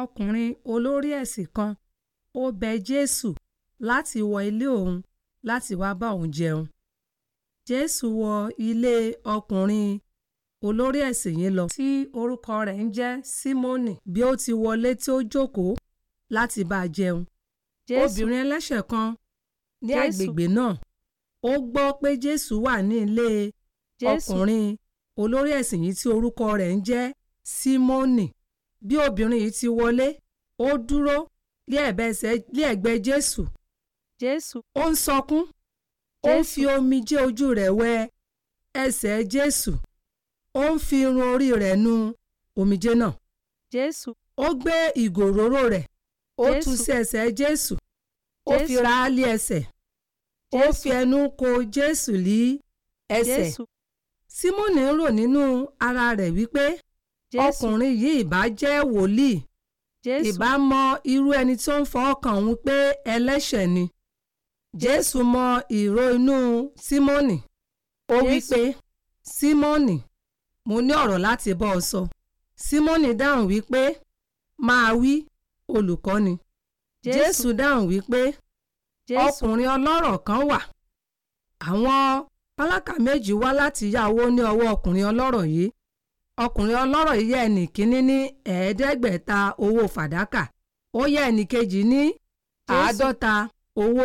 ọkùnrin olórí ẹ̀sìn kan ó bẹ jésù láti wọ ilé òun láti wáá bá òun jẹun jésù wọ ilé ọkùnrin olórí ẹ̀sìn yìí lọ tí orúkọ rẹ̀ ń jẹ́ símónì bí ó ti wọlé tí ó jókòó láti bá a jẹun obìnrin ẹlẹ́ṣẹ̀ kan ní agbègbè náà ó gbọ́ pé jésù wà ní ilé ọkùnrin olórí ẹ̀sìn yìí tí orúkọ rẹ̀ ń jẹ́ símónì bí obìnrin yìí ti wọlé ó dúró lé ẹ̀gbẹ́ jésù ó ń sọkún ó ń fi jẹ́ ojú rẹ̀ wẹ ẹsẹ̀ jésù ó ń fi irun orí rẹ̀ nu omijé náà ó gbé ìgò òróró rẹ̀ ó tú sí ẹsẹ̀ jésù ó fi ra á lé ẹsẹ̀ ó fi ẹnu ko jésù lí ẹsẹ̀ símónì ń rò nínú ara rẹ̀ wípé ọkùnrin yìí ìbá jẹ́ wòlíì ìbá mọ irú ẹni tó ń fọ́ ọkàn òun pé ẹlẹ́ṣẹ̀ ni jésù mọ ìró inú símọ́nì ó wí pé símọ́nì mo ní ọ̀rọ̀ láti bọ́ ọ sọ símọ́nì dáhùn wípé máa wí olùkọ́ni jésù dáhùn wípé ọkùnrin ọlọ́rọ̀ kan wà àwọn tálákà méjì wá láti yá owó ní ọwọ́ ọkùnrin ọlọ́rọ̀ yìí ọkùnrin ọlọ́rọ̀ yìí yẹ ẹnì kínní ní ẹ̀ẹ́dẹ́gbẹ̀ta owó fàdákà ó yẹ ẹnì kejì ní àádọ́ta owó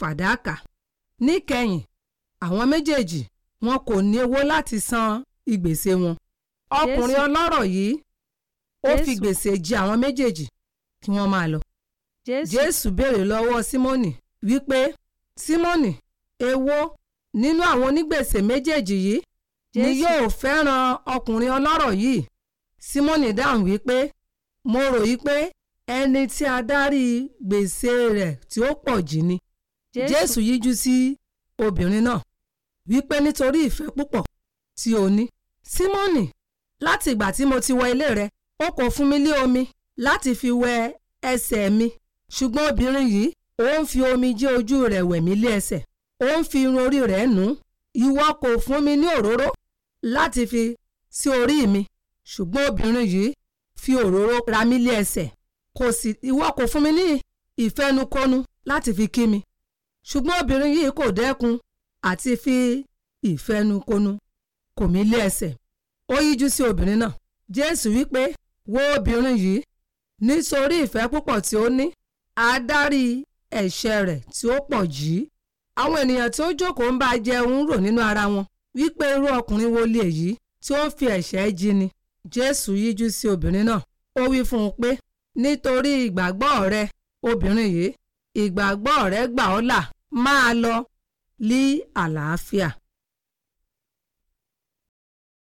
fàdákà níkẹyìn àwọn méjèèjì wọn kò ní owó láti san ìgbèsè wọn ọkùnrin ọlọ́rọ̀ yìí ó fi gbèsè jì àwọn méjèèjì kí wọ́n máa lọ. jésù béèrè lọ́wọ́ símónì wípé símónì èwo nínú àwọn onígbèsè méjèèjì yìí ni yóò fẹ́ràn ọkùnrin ọlọ́rọ̀ yìí dan dáhùn wípé mo rò yí pé ẹni tí a dárí gbèsè rẹ̀ tí ó pọ̀ jì ni Jésù yíjú sí obìnrin náà wípé nítorí ìfẹ́ púpọ̀ tí o ní Símónì láti ìgbà tí mo ti wọ ilé rẹ o kò fún mi lé omi láti fi wẹ ẹsẹ̀ mi ṣùgbọ́n obìnrin yìí ó ń fi omi jẹ́ ojú rẹ̀ wẹ̀ mí lé ẹsẹ̀ ó ń fi irun orí rẹ̀ nù ú ìwọ kò fún mi ní òróró láti fi sí orí mi ṣùgbọ́n obìnrin yìí fi òróró ra mí lé ẹsẹ̀ kò sì ìwọ kò fún mi ní ìfẹnukonu láti fi kí mi ṣùgbọ́n obìnrin yìí kò dẹ́kun àti fi ìfẹnukonu kò mí lé ẹsẹ̀ ó yíjú sí obìnrin náà jésù wípé wo obìnrin yìí nítorí ìfẹ́ púpọ̀ tí ó ní àádárí ẹ̀ṣẹ̀ rẹ̀ tí ó pọ̀ jì í àwọn ènìyàn tí ó jókòó ń bá jẹun rò nínú ara wọn wípé irú ọkùnrin wo lè yí tí ó fi ẹ̀ṣẹ̀ jini jésù yíjú sí obìnrin náà ó wí fún un pé nítorí ìgbàgbọ́ rẹ obìnrin yìí ìgbàgbọ́ rẹ gbà ọ́ là máa lọ lí àlàáfíà